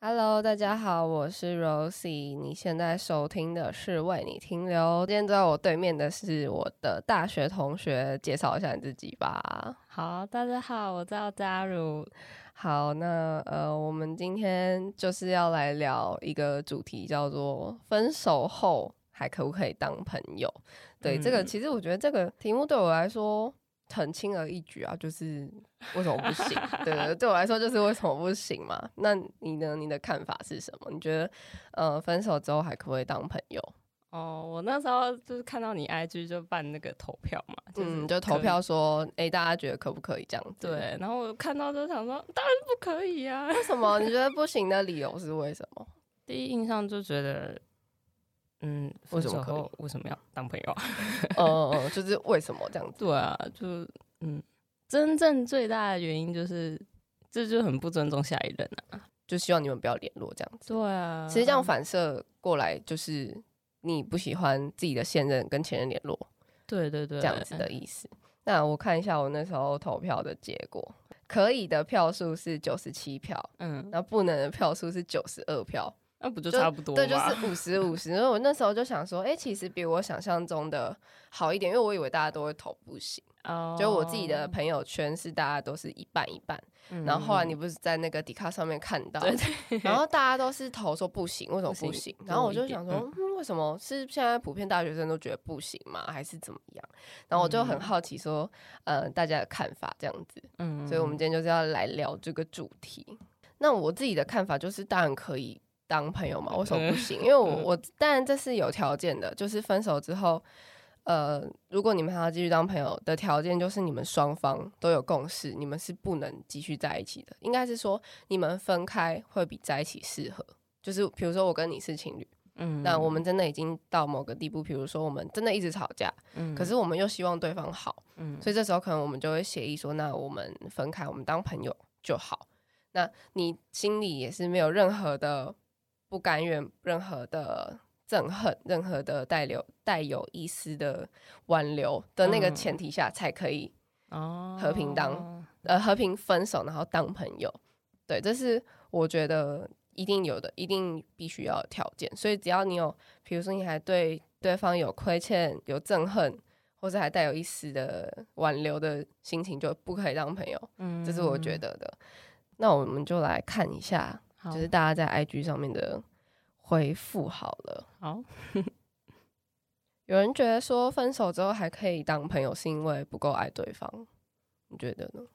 Hello，大家好，我是 Rosie。你現在收聽的是《為你停留》。今天坐在我對面的是我的大學同學，介紹一下你自己吧。好，大家好，我叫嘉如。好，那呃，我們今天就是要來聊一個主題，叫做分手後還可不可以當朋友？對，嗯、這個其實我覺得這個題目對我來說。很輕而易舉啊，就是為什麼不行？對對，對，對我來說就是為什麼不行嘛？ 那你呢？你的看法是什麼？你覺得，呃，分手之後還可不可以當朋友？哦，我那時候就是看到你 IG 就辦那個投票嘛，就是、嗯，就投票說，哎、欸，大家覺得可不可以這樣子？對，然後我看到就想說，當然不可以啊！ 為什麼？你覺得不行的理由是為什麼？第一印象就覺得。嗯，為什麼可以？為什麼要當朋友？哦哦，oh, oh, oh, oh, 就是為什麼這樣子？ 對啊，就嗯，真正最大的原因就是，這就，就很不尊重下一任啊！就希望你們不要聯絡這樣子。對啊，其實這樣反射過來，就是你不喜歡自己的現任跟前任聯絡。對對對，這樣子的意思對對對。那我看一下我那時候投票的結果，可以的票數是九十七票，嗯，那不能的票數是九十二票。那、啊、不就差不多？對，就是五十五十。因為我那時候就想說，哎、欸，其實比我想象中的好一點，因為我以為大家都會投不行。哦、oh，就我自己的朋友圈是大家都是一半一半。嗯、然後後來你不是在那個 d 卡上面看到，對對對，然後大家都是投說不行，為什麼不行？對對對，然後我就想說、嗯嗯，為什麼是現在普遍大學生都覺得不行嗎？還是怎麼樣？然後我就很好奇說，嗯、呃，大家的看法這樣子。嗯，所以我們今天就是要來聊這個主題。嗯、那我自己的看法就是，當然可以。當朋友嘛，我說不行，因為我我當然 這是有條件的，就是分手之後，呃，如果你們還要繼續當朋友的條件，就是你們雙方都有共識，你們是不能繼續在一起的。應該是說，你們分開會比在一起適合。就是比如說，我跟你是情侶，嗯，那我們真的已經到某個地步，比如說我們真的一直吵架，嗯，可是我們又希望對方好，嗯，所以這時候可能我們就會協議說，那我們分開，我們當朋友就好。那你心裡也是沒有任何的。不甘願，任何的憎恨，任何的帶留帶有一絲的挽留的那個前提下，嗯、才可以哦和平當、哦、呃和平分手，然後當朋友，對，這是我覺得一定有的，一定必須要條件。所以只要你有，比如說你還對對方有虧欠、有憎恨，或者還帶有一絲的挽留的心情，就不可以當朋友。嗯，這是我覺得的。那我們就來看一下。就是大家在 IG 上面的回覆好了。好， 有人覺得說分手之後還可以當朋友，是因為不夠愛對方，你覺得呢？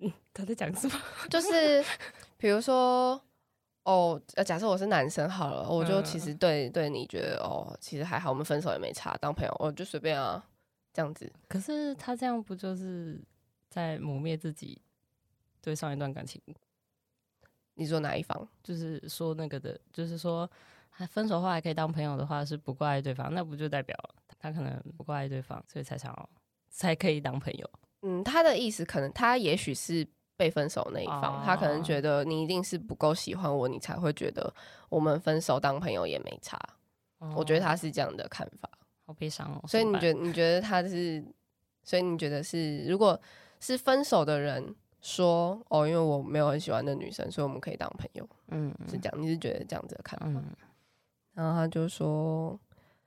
嗯，他在講什麼？就是比如說，哦，假設我是男生好了，我就其實對對你覺得、嗯、哦，其實還好，我們分手也沒差，當朋友我、哦、就隨便啊，這樣子。可是他這樣不就是在磨滅自己對上一段感情？你說哪一方？就是說那個的，就是說，他分手後還可以當朋友的話是不夠愛對方，那不就代表他可能不夠愛對方，所以才想要才可以當朋友。嗯，他的意思可能他也許是被分手那一方，oh. 他可能覺得你一定是不夠喜歡我，你才會覺得我們分手當朋友也沒差。Oh. 我覺得他是這樣的看法，好悲傷哦。所以你覺得你覺得他是，所以你覺得是，如果是分手的人。說哦，因為我沒有很喜歡的女生，所以我們可以當朋友。嗯，是這樣。你是覺得這樣子的看法。嗯。然後他就說，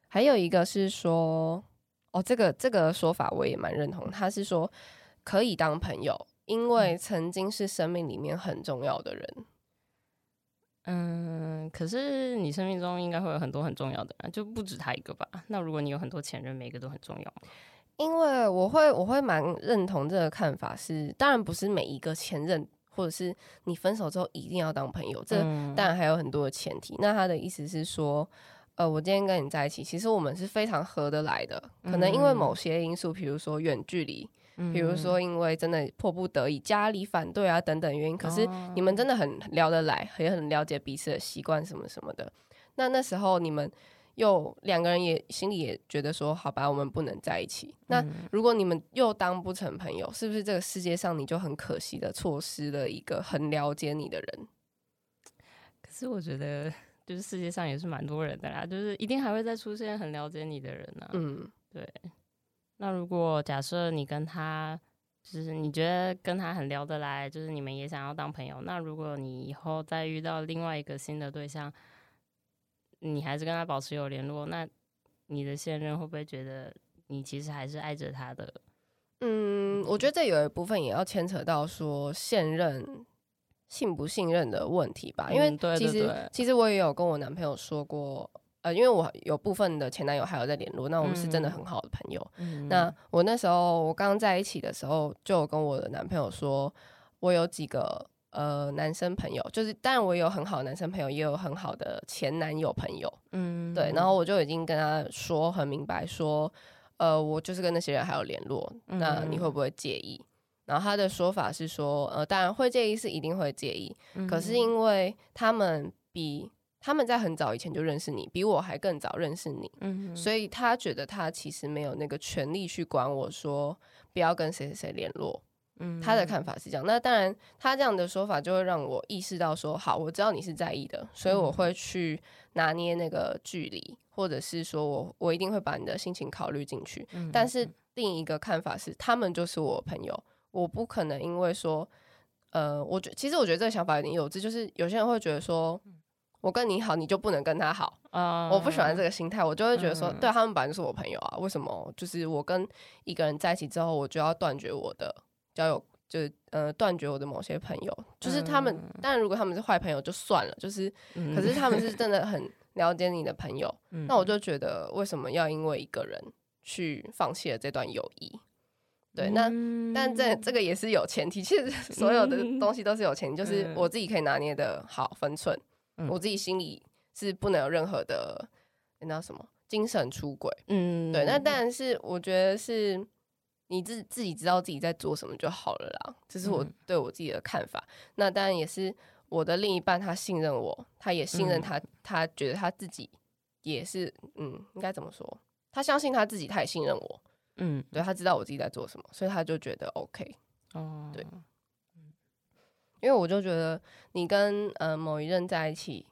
還有一個是說，哦，這個這個說法我也蠻認同。他是說可以當朋友，因為曾經是生命裡面很重要的人。嗯，可是你生命中應該會有很多很重要的人啊，就不止他一個吧？那如果你有很多前任，每一個都很重要。因為我會我會蠻認同這個看法是，是當然不是每一個前任或者是你分手之後一定要當朋友，這當然還有很多的前提。嗯、那他的意思是說，呃，我今天跟你在一起，其實我們是非常合得來的。可能因為某些因素，比、嗯、如說遠距離，比、嗯、如說因為真的迫不得已，家裡反對啊等等原因，可是你們真的很聊得來、哦，也很了解彼此的習慣什麼什麼的。那那時候你們。又兩個人也心裡也覺得說好吧，我們不能在一起。那如果你們又當不成朋友，嗯、是不是這個世界上你就很可惜的錯失了一個很了解你的人？可是我覺得，就是世界上也是蠻多人的啦，就是一定還會再出現很了解你的人呢、啊。嗯，對。那如果假設你跟他，就是你覺得跟他很聊得來，就是你們也想要當朋友。那如果你以後再遇到另外一個新的對象，你還是跟他保持有聯絡，那你的現任會不會覺得你其實還是愛着他的？嗯，我覺得這有一部分也要牽扯到說現任信不信任的問題吧。因為其實、嗯、對對對，其實我也有跟我男朋友說過，呃，因為我有部分的前男友還有在聯絡，那我們是真的很好的朋友。嗯、那我那時候我剛剛在一起的時候，就有跟我的男朋友說我有幾個。呃，男生朋友就是，但我也有很好男生朋友，也有很好的前男友朋友，嗯，對，然後我就已經跟他說很明白，說，呃，我就是跟那些人還有聯絡，嗯、那你會不會介意、嗯。然後他的說法是說，呃，當然會介意，是一定會介意、嗯，可是因為他們比他們在很早以前就認識你，比我還更早認識你，嗯，所以他覺得他其實沒有那個權利去管我說不要跟誰誰誰聯絡。他的看法是這樣，那當然，他這樣的說法就會讓我意識到說，好，我知道你是在意的，所以我會去拿捏那個距離，或者是說我我一定會把你的心情考慮進去，嗯哼哼。但是另一個看法是，他們就是我朋友，我不可能因為說，呃，我覺其實我覺得這個想法有點幼稚，就是有些人會覺得說，我跟你好，你就不能跟他好。嗯，我不喜歡這個心態，我就會覺得說，對他們本來就是我朋友啊，嗯，為什麼就是我跟一個人在一起之後，我就要斷絕我的？交友就是呃斷絕我的某些朋友，就是他們，呃、但如果他們是壞朋友就算了，就是，嗯，可是他們是真的很了解你的朋友。嗯，那我就覺得為什麼要因為一個人去放棄了這段友誼，嗯？對，那但這這個也是有前提，其實所有的東西都是有前提，嗯，就是我自己可以拿捏的好分寸，嗯，我自己心裡是不能有任何的、欸、那什麼精神出軌，嗯，對，那但是我覺得是。你自自己知道自己在做什麼就好了啦，這是我對我自己的看法。嗯、那當然也是我的另一半，他信任我，他也信任他、嗯，他覺得他自己也是，嗯，應該怎麼說？他相信他自己，他也信任我，嗯，對，他知道我自己在做什麼，所以他就覺得 OK。哦，對，因為我就覺得你跟呃某一任在一起，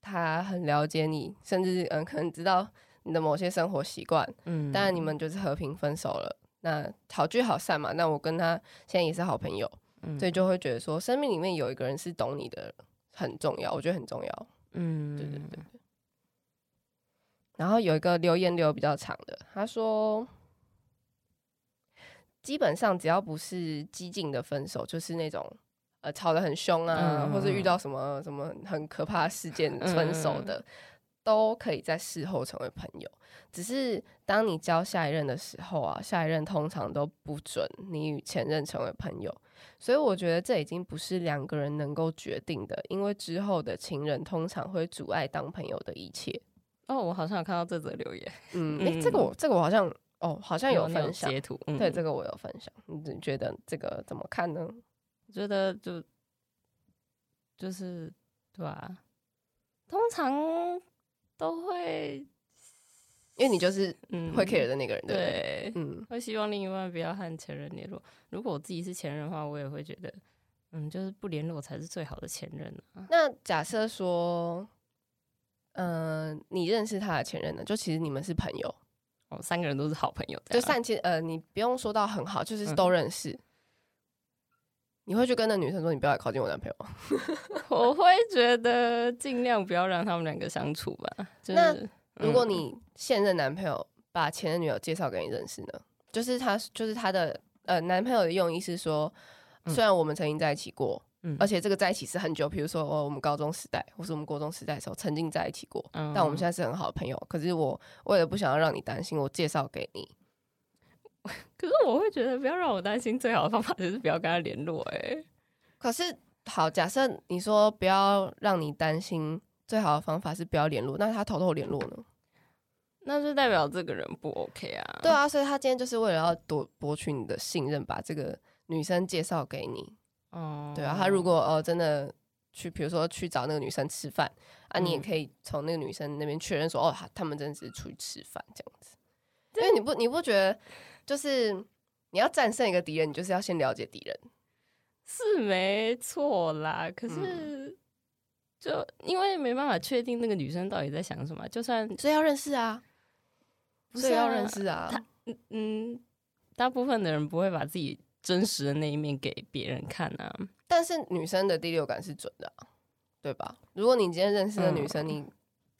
他很了解你，甚至嗯、呃、可能知道你的某些生活習慣，嗯，但你們就是和平分手了。那好聚好散嘛，那我跟他現在也是好朋友、嗯，所以就會覺得說，生命裡面有一個人是懂你的很重要，我覺得很重要。嗯，對對對。然後有一個留言留比較長的，他說，基本上只要不是激進的分手，就是那種呃吵得很兇啊、嗯，或是遇到什麼什麼很可怕的事件分手、嗯、的。嗯都可以在事後成為朋友，只是當你交下一任的時候啊，下一任通常都不准你與前任成為朋友，所以我覺得這已經不是兩個人能夠決定的，因為之後的情人通常會阻礙當朋友的一切。哦，我好像有看到這則留言，嗯，誒、嗯欸，這個我這個我好像哦，好像有分享有有截圖、嗯，對，這個我有分享。你覺得這個怎麼看呢？我覺得就就是對吧、啊？通常。都會，因為你就是嗯會 care 的那個人，嗯，對，嗯，會希望另一半不要和前任聯絡。如果我自己是前任的話，我也會覺得，嗯，就是不聯絡才是最好的前任，啊。那假設說，呃，你認識他的前任呢？就其實你們是朋友，哦，三個人都是好朋友，就算起，呃，你不用說到很好，就是都認識。嗯你會去跟那女生說，你不要來靠近我男朋友？ 我會覺得盡量不要讓他們兩個相處吧，就是。那如果你現任男朋友把前任女友介紹給你認識呢？就是他，就是他的呃男朋友的用意是說，雖然我們曾經在一起過，嗯，而且這個在一起是很久，比如說我們高中時代或是我們國中時代的時候曾經在一起過，嗯，但我們現在是很好的朋友。可是我為了不想要讓你擔心，我介紹給你。 可是我會覺得，不要讓我擔心，最好的方法就是不要跟他聯絡，欸。哎，可是好，假設你說不要讓你擔心，最好的方法是不要聯絡，那他偷偷聯絡呢 ？那就代表這個人不 OK 啊。對啊，所以他今天就是為了要奪博取你的信任，把這個女生介紹給你。哦，嗯，對啊，他如果哦真的去，比如說去找那個女生吃飯啊，你也可以從那個女生那邊確認說，嗯，哦，他們真的是出去吃飯這樣子這。因為你不你不覺得？就是你要戰勝一個敵人，你就是要先了解敵人，是沒錯啦。可是就因為沒辦法確定那個女生到底在想什麼啊，就算所以要，啊，要認識啊，不是要認識啊。她，嗯嗯，大部分的人不會把自己真實的那一面給別人看啊。但是女生的第六感是準的啊，對吧？如果你今天認識的女生，你。嗯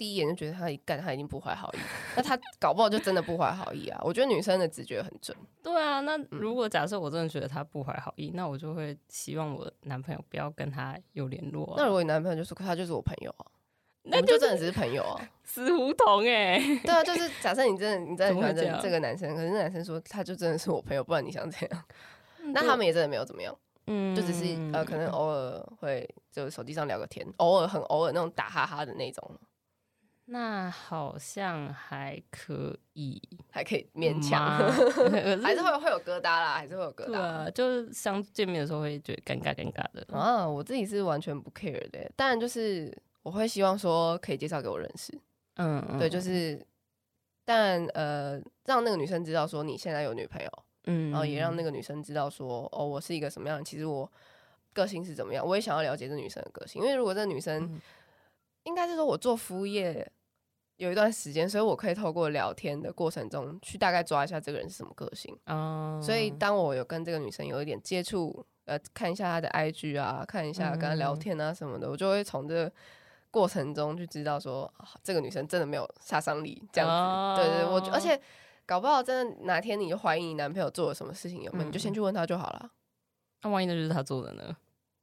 第一眼就覺得他一干，他已經不懷好意。 那他搞不好就真的不懷好意啊！我覺得女生的直覺很準。對啊，那如果假設我真的覺得他不懷好意，嗯，那我就會希望我男朋友不要跟他有聯絡，啊。那如果你男朋友就說他就是我朋友啊，那你，就是，就真的只是朋友啊，死胡同哎、欸！對啊，就是假設你真的你很喜歡這個男生，可是那男生說他就真的是我朋友，不然你想怎樣？嗯、那他們也真的沒有怎麼樣，嗯，就只是呃，可能偶爾會就手機上聊個天，偶爾很偶爾那種打哈哈的那種。那好像還可以，還可以勉強， 還是會會有疙瘩啦，還是會有疙瘩。啊、就是相見面的時候會覺得尷尬尷尬的啊。我自己是完全不 care 的，但就是我會希望說可以介紹給我認識，嗯，對，就是，但呃，讓那個女生知道說你現在有女朋友，嗯，然後也讓那個女生知道說、嗯、哦，我是一個什麼樣，其實我個性是怎麼樣，我也想要了解這女生的個性，因為如果這女生、嗯、應該是說我做服務業。有一段時間，所以我可以透過聊天的過程中去大概抓一下這個人是什麼個性。Oh. 所以當我有跟這個女生有一點接觸，呃，看一下她的 IG 啊，看一下跟她聊天啊什麼的，mm -hmm. 我就會從這個過程中就知道說，啊，這個女生真的沒有殺傷力這樣子。Oh. 對，對對，我而且搞不好真的哪天你就懷疑你男朋友做了什麼事情，有沒有，mm -hmm. 你就先去問他就好了。那萬一那就是他做的呢？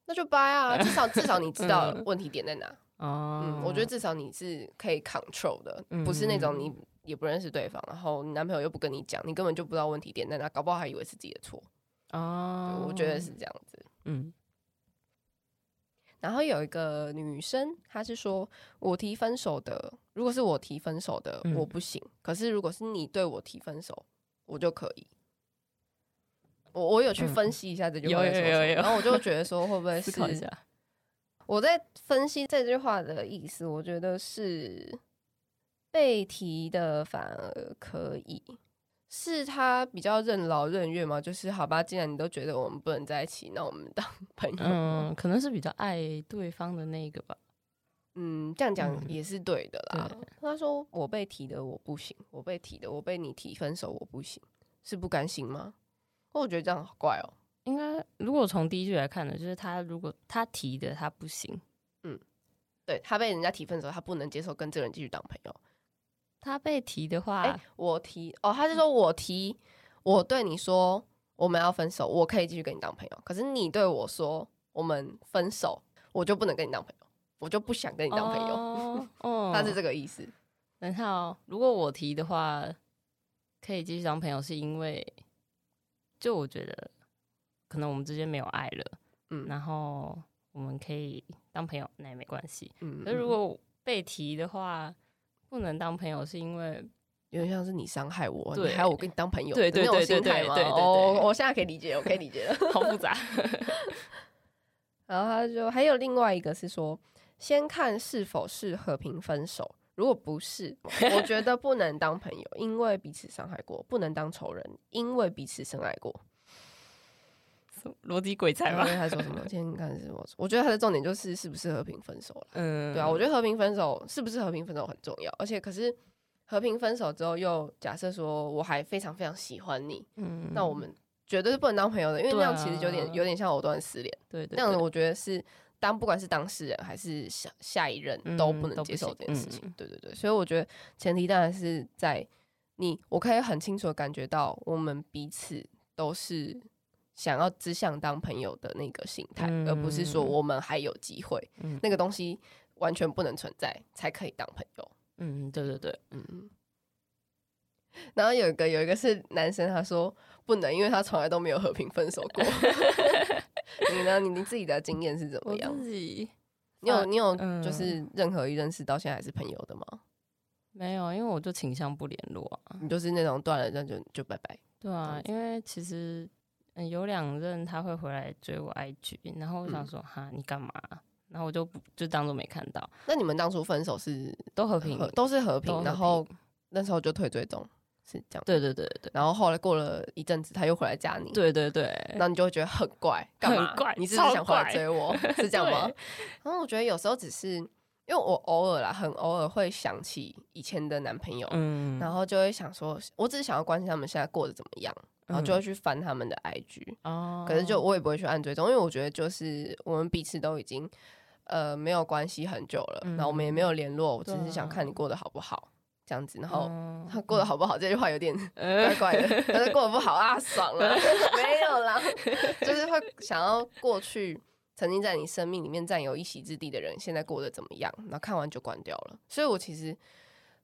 那就掰啊，至少至少你知道問題點在哪。 嗯哦、oh, 嗯，我覺得至少你是可以 control 的，嗯、不是那種你也不認識對方，嗯、然後你男朋友又不跟你講，你根本就不知道問題點在哪，搞不好還以為是自己的錯。哦、oh, 我覺得是這樣子，嗯。然後有一個女生，她是說：“我提分手的，如果是我提分手的，嗯、我不行；可是如果是你對我提分手，我就可以。我”我我有去分析一下、嗯、這句話，有有有有、然後我就覺得說，會不會是 思考一下。我在分析這句話的意思，我覺得是被提的反而可以，是他比較任勞任怨嘛。就是好吧，既然你都覺得我們不能在一起，那我們當朋友。嗯，可能是比較愛對方的那個吧。嗯，這樣講也是對的啦。嗯，對。他說我被提的我不行，我被提的我被你提分手我不行，是不甘心嗎？我我覺得這樣好怪哦、喔。應該，如果從第一句來看呢，就是他如果他提的他不行，嗯，對，他被人家提分手，他不能接受跟這個人繼續當朋友。他被提的話，欸、我提哦，他是說我提，我對你說我們要分手，我可以繼續跟你當朋友。可是你對我說我們分手，我就不能跟你當朋友，我就不想跟你當朋友。哦、 他是這個意思。哦、然後如果我提的話，可以繼續當朋友，是因為就我覺得。可能我們之間沒有愛了，嗯，然後我們可以當朋友，那也沒關係。嗯，那如果被提的話，嗯，不能當朋友是因為有點像是你傷害我，對，你還有我跟你當朋友，對對對對對，對，對，對，對對對對對，哦，我現在可以理解，我可以理解， 好複雜。 然後他就還有另外一個是說，先看是否是和平分手，如果不是，我覺得不能當朋友， 因為彼此傷害過；不能當仇人，因為彼此深愛過。邏輯鬼才吧？ 他說什麼？今天看什麼？我覺得他的重點就是是不是和平分手了。嗯，對啊，我覺得和平分手是不是和平分手很重要。而且可是和平分手之後，又假設說我還非常非常喜歡你，嗯，那我們絕對是不能當朋友的，因為那樣其實有點有點像藕斷絲連。對對，啊，那樣我覺得是當不管是當事人還是下下一任都不能接受這件事情，嗯嗯。對對對，所以我覺得前提當然是在你，我可以很清楚地感覺到我們彼此都是。想要只想當朋友的那個心態、嗯，而不是說我們還有機會、嗯，那個東西完全不能存在，才可以當朋友。嗯，對對對，嗯。然後有一個有一個是男生，他說不能，因為他從來都沒有和平分手過。 你呢？你你自己的經驗是怎麼樣？自己，你有、啊、你有就是任何一認識到現在還是朋友的嗎？嗯、沒有，因為我就傾向不聯絡啊。你就是那種斷了那就就拜拜。對啊，因為其實。嗯、有兩任他會回來追我 IG，然後我想說哈、嗯、你幹嘛？然後我就就當做沒看到。那你們當初分手是都和平和，都是和平、和平，然後那時候就退追蹤，是這樣。對對對對。然後後來過了一陣子，他又回來加你。對對對。那你就會覺得很怪，幹嘛？怪怪，你是不是想回來追我，是這樣嗎？ 然後我覺得有時候只是因為我偶爾啦，很偶爾會想起以前的男朋友、嗯，然後就會想說，我只是想要關心他們現在過得怎麼樣。然後就會去翻他們的 IG、嗯、可是就我也不會去按追蹤、哦，因為我覺得就是我們彼此都已經呃沒有關係很久了、嗯，然後我們也沒有聯絡，我只是想看你過得好不好、嗯、這樣子。然後他、嗯、過得好不好這句話有點怪怪、嗯、的，但是過得不好 啊爽了，沒有啦。 就是會想要過去曾經在你生命裡面占有一席之地的人現在過得怎麼樣，然後看完就關掉了。所以我其實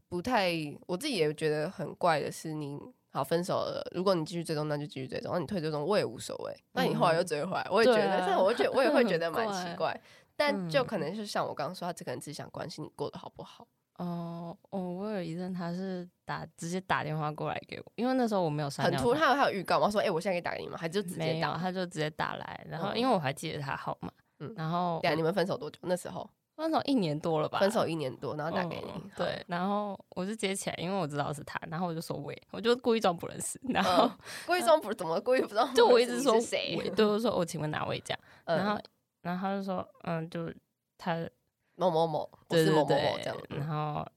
不太我自己也覺得很怪的是你。好，分手了。如果你繼續追蹤，那就繼續追蹤。那你退追蹤，我也無所謂、嗯。那你後來又追回來，我也覺得，啊、但是我會覺得我也會覺得蠻奇怪、 嗯。但就可能就像我剛剛說，他這個人只是想關心你過得好不好。哦、嗯、哦，我有一陣他是打直接打電話過來給我，因為那時候我沒有刪。很突然，他有預告，他說：“誒、欸，我現在可以打給你嗎？”還是就直接打，他就直接打來，然後、嗯、因為我還記得他號碼、嗯。嗯，然後等一下，你們分手多久那時候？分手一年多了吧。分手一年多，然後打給你。哦、對，然後我就接起來，因為我知道是他，然後我就說喂，我就故意裝不認識。然後、嗯、故意裝不、嗯、怎麼？故意不知道不認識，就我一直說誰？對我說我請問哪位這樣、嗯。然後然後他就說嗯，就是他某某某，對對對，某某某這樣。然後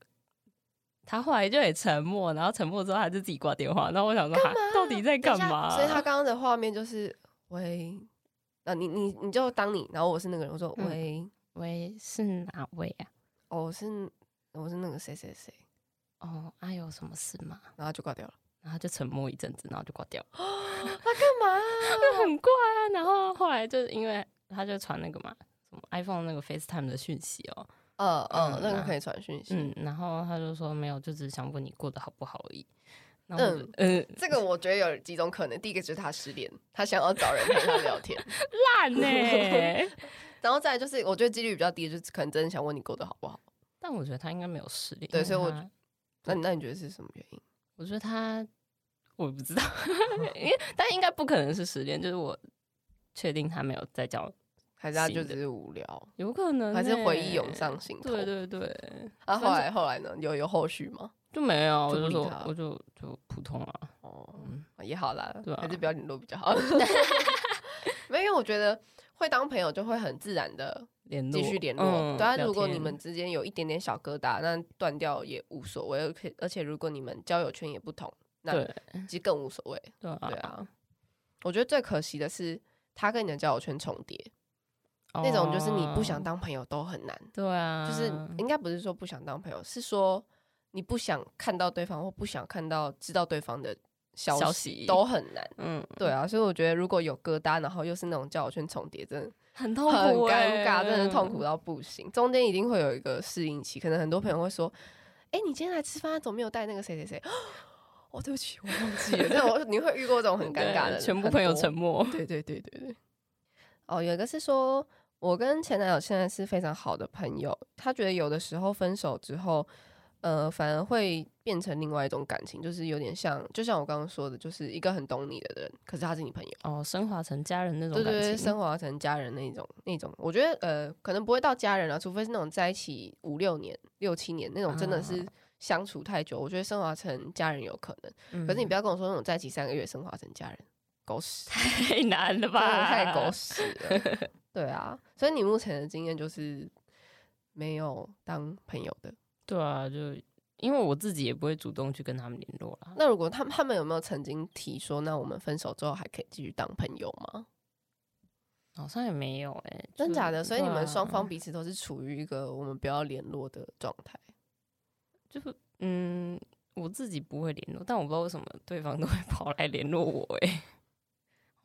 他後來就很沉默，然後沉默之後他就自己掛電話。那我想說他、啊、到底在幹嘛？所以他剛剛的畫面就是喂，那、啊、你你你就當你，然後我是那個人，我說喂。嗯喂，是哪位啊？哦，是我、哦、是那個誰誰誰。哦，哎呦，什麼事嗎？然後就掛掉了，然後就沉默一陣子，然後就掛掉了。他、哦、幹、啊、嘛、啊？ 那很怪啊。然後後來就是因為他就傳那個嘛，什麼 iPhone 那個 FaceTime 的訊息哦、喔。嗯嗯，那、嗯、個可以傳訊息。嗯，然後他就說沒有，就只是想問你過得好不好而已。嗯嗯，嗯，這個我覺得有幾種可能， 第一個就是他失戀，他想要找人陪他聊天。爛 呢爛、欸。 然後再來就是，我覺得幾率比較低，就是可能真的想問你過得好不好。但我覺得他應該沒有失戀。對，所以我，我那你那你覺得是什麼原因？我覺得他我也不知道，因為 但應該不可能是失戀，就是我確定他沒有在交往，還是他就只是無聊，有可能、欸、還是回憶湧上心頭。對對對。啊，後來後來呢？有有後續嗎？就沒有，我就說就我就就普通了。嗯、哦、嗯，也好啦，對吧、啊、還是不要聯絡比較好。沒有，我覺得。會當朋友就會很自然的繼續聯絡。當然、嗯、對啊、如果你們之間有一點點小疙瘩，那斷掉也無所謂。而且而且，如果你們交友圈也不同，那其實更無所謂，對對、啊。對啊，我覺得最可惜的是，他跟你的交友圈重疊，哦、那種就是你不想當朋友都很難。對啊，就是應該不是說不想當朋友，是說你不想看到對方，或不想看到知道對方的，消息，消息都很難，嗯，對啊，所以我覺得如果有疙瘩，然後又是那種交友圈重疊，真的很，很痛苦，很尷尬，真的痛苦到不行。中間一定會有一個適應期，可能很多朋友會說：“哎、欸，你今天來吃飯，怎麼沒有帶那個誰誰誰？”哦，對不起，我忘記了。那 我你會遇過這種很尷尬的，全部朋友沉默。對對對對對。哦，有一個是說，我跟前男友現在是非常好的朋友，他覺得有的時候分手之後。呃，反而會變成另外一種感情，就是有點像，就像我剛剛說的，就是一個很懂你的人，可是他是你朋友哦，昇華成家人那種感，對對，昇華成家人那種，那種我覺得呃，可能不會到家人啊，除非是那種在一起五六年、六七年那種，真的是相處太久，啊、我覺得昇華成家人有可能、嗯。可是你不要跟我說那種在一起三個月昇華成家人，狗屎，太難了吧，太狗屎了。 對啊，所以你目前的經驗就是沒有當朋友的？對啊，就因為我自己也不會主動去跟他們聯絡了。那如果他們他們有沒有曾經提說，那我們分手之後還可以繼續當朋友嗎？好像也沒有哎、欸，真假的。所以你們雙方彼此都是處於一個我們不要聯絡的狀態、啊。就是嗯，我自己不會聯絡，但我不知道為什麼對方都會跑來聯絡我哎、欸。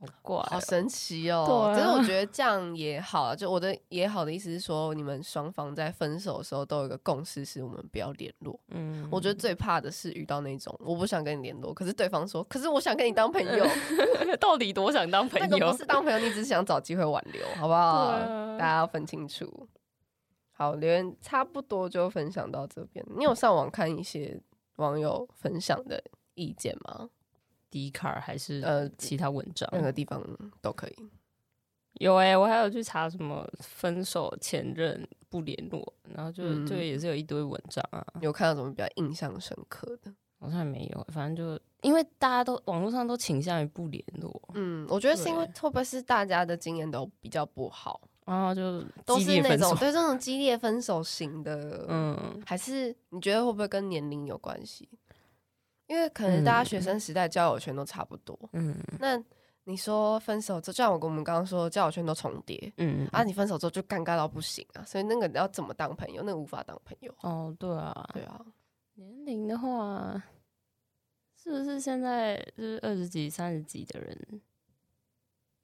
好怪、喔，好神奇哦、喔！對、啊，可是我覺得這樣也好。就我的“也好的”意思是說，你們雙方在分手的時候都有一個共識，是我們不要聯絡。嗯，我覺得最怕的是遇到那種，我不想跟你聯絡，可是對方說，可是我想跟你當朋友， 到底多想當朋友？ 那你不是當朋友，你只是想找機會挽留，好不好、啊？大家要分清楚。好，留言差不多就分享到這邊。你有上網看一些網友分享的意見嗎？迪卡還是呃其他文章、呃，任何地方都可以。有誒、欸，我還有去查什麼分手前任不聯絡，然後就、嗯、就也是有一堆文章啊。有看到什麼比較印象深刻的？好像沒有，反正就因為大家都網絡上都傾向於不聯絡。嗯，我覺得是因為特別是大家的經驗都比較不好然後、啊、就都是那種對這種激烈分手型的，嗯，還是你覺得會不會跟年齡有關係？因為可能大家學生時代交友圈都差不多，嗯，那你說分手就像我跟我們剛剛說，交友圈都重疊，嗯，啊，你分手之後就尷尬到不行啊，所以那個要怎麼當朋友，那個、無法當朋友。哦，對啊，對啊。年齡的話，是不是現在就是二十幾、三十幾的人，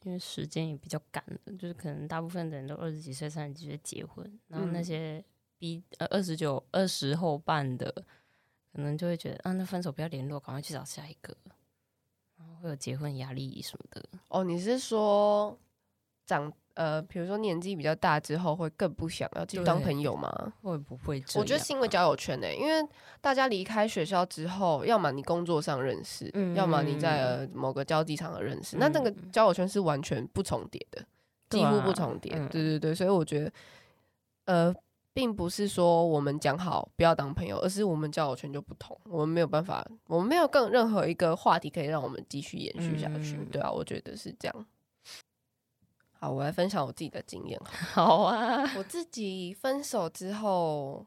因為時間也比較趕，就是可能大部分的人都二十幾歲、三十幾歲結婚，然後那些比、嗯、呃二十九、二十後半的。可能就會覺得，啊，那分手不要聯絡，趕快去找下一個，然後會有結婚壓力什麼的。哦，你是說長，長呃，比如說年紀比較大之後，會更不想要繼續當朋友嗎？會不會這樣、啊、我覺得是因為交友圈呢、欸，因為大家離開學校之後，要麼你工作上認識，嗯、要麼你在、呃、某個交際場合認識、嗯，那這個交友圈是完全不重疊的、啊，幾乎不重疊、嗯。對對對，所以我覺得，呃。並不是說我們講好不要當朋友，而是我們交友圈就不同，我們沒有辦法，我們沒有更任何一個話題可以讓我們繼續延續下去，嗯。對啊，我覺得是這樣。好，我來分享我自己的經驗。好啊，我自己分手之後，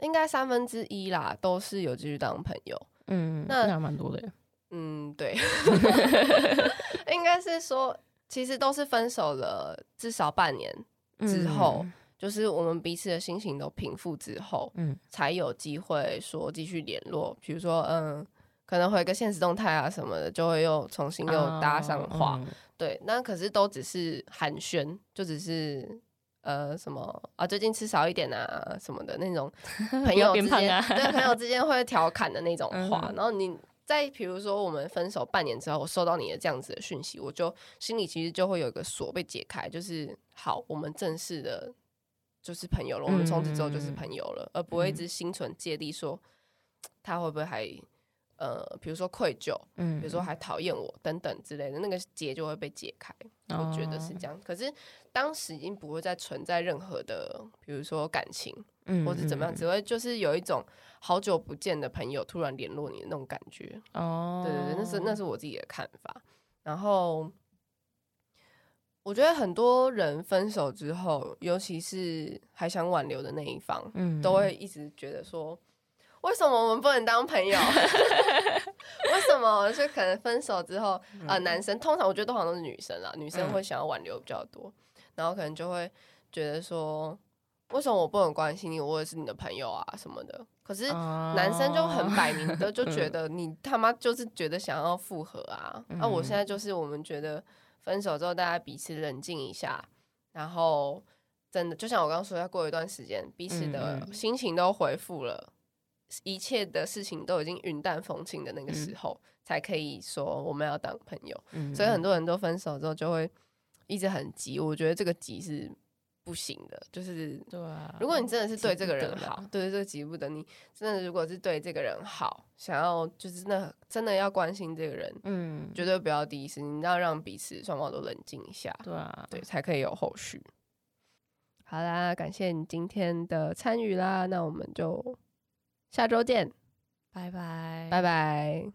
應該三分之一啦，都是有繼續當朋友。嗯，那還蠻多的。嗯，對， 應該是說，其實都是分手了至少半年之後。嗯就是我們彼此的心情都平復之後，嗯，才有機會說繼續聯絡。比如說，嗯，可能回個限時動態啊什麼的，就會又重新又搭上話。哦嗯、對，那可是都只是寒暄，就只是呃什麼啊，最近吃少一點啊什麼的那種朋友之間、 啊，對朋友之間會調侃的那種話。嗯、然後你在比如說我們分手半年之後，我收到你的這樣子的訊息，我就心裡其實就會有一個鎖被解開，就是好，我們正式的。就是朋友了，我們從此之後就是朋友了，嗯，而不會一直心存芥蒂，說他會不會還、嗯、呃，比如說愧疚，嗯、比如說還討厭我等等之類的，那個結就會被解開、哦。我覺得是這樣，可是當時已經不會再存在任何的，比如說感情，或者怎麼樣、嗯，只會就是有一種好久不見的朋友突然聯絡你的那種感覺。哦，對對對，那是那是我自己的看法。然後。我覺得很多人分手之後，尤其是還想挽留的那一方，嗯嗯都會一直覺得說，為什麼我們不能當朋友？ 為什麼？就可能分手之後，嗯、呃，男生通常我覺得通常都是女生啦，女生會想要挽留比較多、嗯，然後可能就會覺得說，為什麼我不能關心你？我也是你的朋友啊什麼的。可是男生就很擺明的、哦、就覺得你他媽就是覺得想要復合啊。那、嗯嗯啊、我現在就是我們覺得。分手之後，大家彼此冷靜一下，然後真的就像我剛剛說的，要過一段時間，彼此的心情都回復了嗯嗯，一切的事情都已經雲淡風輕的那個時候、嗯，才可以說我們要當朋友嗯嗯。所以很多人都分手之後就會一直很急，我覺得這個急是。不行的，就是，對啊。如果你真的是對這個人好，不得對這個急不得，你真的如果是對這個人好，想要就是那真的要關心這個人，嗯，絕對不要第一時間，你要讓彼此雙方都冷靜一下，對啊，對，才可以有後續。好啦，感謝你今天的參與啦，那我們就下週見，拜拜，拜拜。